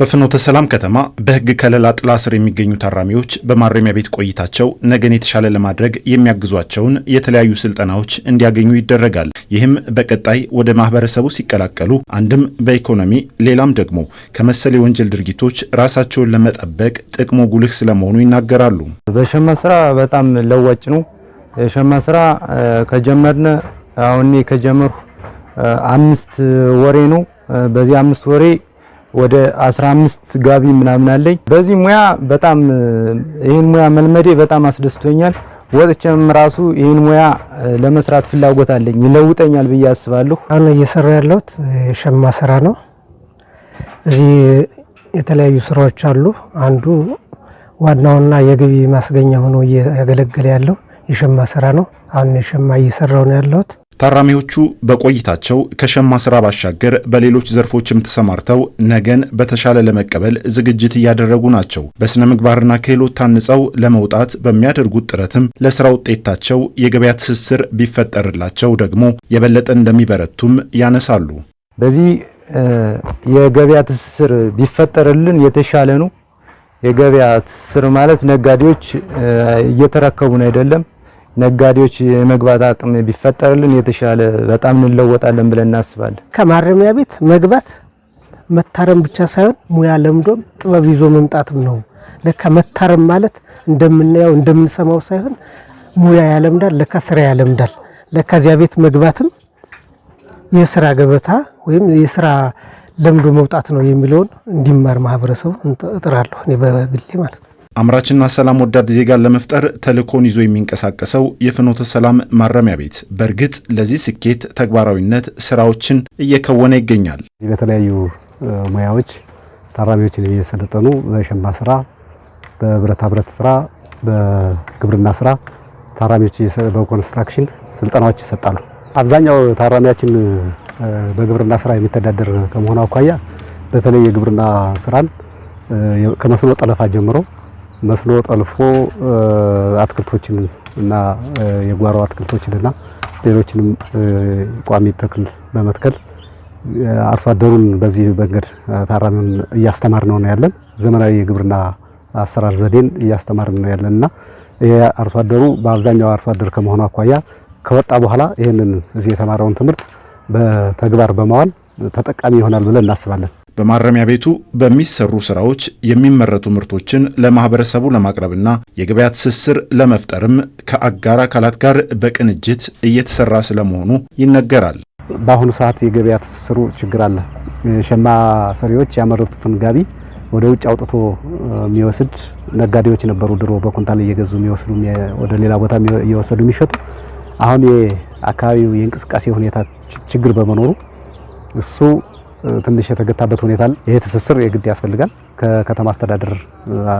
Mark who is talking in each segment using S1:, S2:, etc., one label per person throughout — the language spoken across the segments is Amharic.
S1: በፍኖተ ሰላም ከተማ በሕግ ከለላ ጥላ ስር የሚገኙ ታራሚዎች በማረሚያ ቤት ቆይታቸው ነገን የተሻለ ለማድረግ የሚያግዟቸውን የተለያዩ ስልጠናዎች እንዲያገኙ ይደረጋል። ይህም በቀጣይ ወደ ማህበረሰቡ ሲቀላቀሉ አንድም በኢኮኖሚ ሌላም ደግሞ ከመሰል የወንጀል ድርጊቶች ራሳቸውን ለመጠበቅ ጥቅሙ ጉልህ ስለመሆኑ ይናገራሉ።
S2: በሸማ ስራ በጣም ለዋጭ ነው። የሸማ ስራ ከጀመርነ አሁን ከጀመርሁ አምስት ወሬ ነው። በዚህ አምስት ወሬ ወደ 15 ጋቢ ምናምን አለኝ። በዚህ ሙያ በጣም ይህን ሙያ መልመዴ በጣም አስደስቶኛል። ወጥቼም ራሱ ይህን ሙያ ለመስራት ፍላጎት አለኝ። ይለውጠኛል ብዬ አስባለሁ።
S3: አሁን እየሰራ ያለሁት የሸማ ስራ ነው። እዚህ የተለያዩ ስራዎች አሉ። አንዱ ዋናውና የገቢ ማስገኛ ሆኖ እያገለገለ ያለው የሸማ ስራ ነው። አሁን የሸማ እየሰራው ነው ያለሁት።
S1: ታራሚዎቹ በቆይታቸው ከሸማ ስራ ባሻገር በሌሎች ዘርፎችም ተሰማርተው ነገን በተሻለ ለመቀበል ዝግጅት እያደረጉ ናቸው። በስነ ምግባርና ክህሎት ታንጸው ለመውጣት በሚያደርጉት ጥረትም ለስራ ውጤታቸው የገበያ ትስስር ቢፈጠርላቸው ደግሞ የበለጠ እንደሚበረቱም ያነሳሉ።
S2: በዚህ የገበያ ትስስር ቢፈጠርልን የተሻለ ነው። የገበያ ትስስር ማለት ነጋዴዎች እየተረከቡን አይደለም ነጋዴዎች የመግባት አቅም ቢፈጠርልን የተሻለ በጣም እንለወጣለን ብለን እናስባለን።
S3: ከማረሚያ ቤት መግባት መታረም ብቻ ሳይሆን ሙያ ለምዶም ጥበብ ይዞ መምጣትም ነው። ለካ መታረም ማለት እንደምናየው እንደምንሰማው ሳይሆን ሙያ ያለምዳል፣ ለካ ስራ ያለምዳል። ለከዚያ ቤት መግባትም የስራ ገበታ ወይም የስራ ለምዶ መውጣት ነው የሚለውን እንዲማር ማህበረሰቡ እጥራለሁ እኔ በግሌ ማለት ነው።
S1: አምራችና ሰላም ወዳድ ዜጋን ለመፍጠር ተልእኮን ይዞ የሚንቀሳቀሰው የፍኖተ ሰላም ማረሚያ ቤት በእርግጥ ለዚህ ስኬት ተግባራዊነት ስራዎችን እየከወነ ይገኛል።
S4: በተለያዩ ሙያዎች ታራሚዎችን እየሰለጠኑ በሸማ ስራ፣ በብረታ ብረት ስራ፣ በግብርና ስራ ታራሚዎች በኮንስትራክሽን ስልጠናዎች ይሰጣሉ። አብዛኛው ታራሚያችን በግብርና ስራ የሚተዳደር ከመሆኑ አኳያ በተለይ የግብርና ስራን ከመስኖ ጠለፋ ጀምሮ መስሎ ጠልፎ አትክልቶችን እና የጓሮ አትክልቶችን እና ሌሎችንም ቋሚ ተክል በመትከል አርሶ አደሩን በዚህ መንገድ ታራሚውን እያስተማርነው ነው ያለን። ዘመናዊ የግብርና አሰራር ዘዴን እያስተማርን ነው ያለን እና አርሶ አደሩ በአብዛኛው አርሶ አደር ከመሆኑ አኳያ ከወጣ በኋላ ይህንን እዚህ የተማረውን ትምህርት በተግባር በማዋል ተጠቃሚ ይሆናል ብለን እናስባለን።
S1: በማረሚያ ቤቱ በሚሰሩ ስራዎች የሚመረቱ ምርቶችን ለማህበረሰቡ ለማቅረብና የገበያ ትስስር ለመፍጠርም ከአጋር አካላት ጋር በቅንጅት እየተሰራ ስለመሆኑ ይነገራል።
S5: በአሁኑ ሰዓት የገበያ ትስስሩ ችግር አለ። ሸማ ሰሪዎች ያመረቱትን ጋቢ ወደ ውጭ አውጥቶ የሚወስድ ነጋዴዎች ነበሩ። ድሮ በኩንታል እየገዙ የሚወስዱ ወደ ሌላ ቦታ እየወሰዱ የሚሸጡ። አሁን የአካባቢው የእንቅስቃሴ ሁኔታ ችግር በመኖሩ እሱ ትንሽ የተገታበት ሁኔታ አለ። ይሄ ትስስር የግድ ያስፈልጋል። ከከተማ አስተዳደር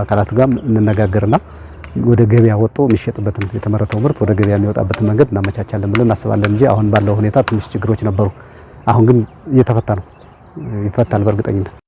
S5: አካላት ጋር እንነጋገርና ወደ ገበያ ወጥቶ የሚሸጥበትን የተመረተው ምርት ወደ ገበያ የሚወጣበትን መንገድ እናመቻቻለን ብለን እናስባለን እንጂ አሁን ባለው ሁኔታ ትንሽ ችግሮች ነበሩ። አሁን ግን እየተፈታ ነው፣ ይፈታል በእርግጠኝነት።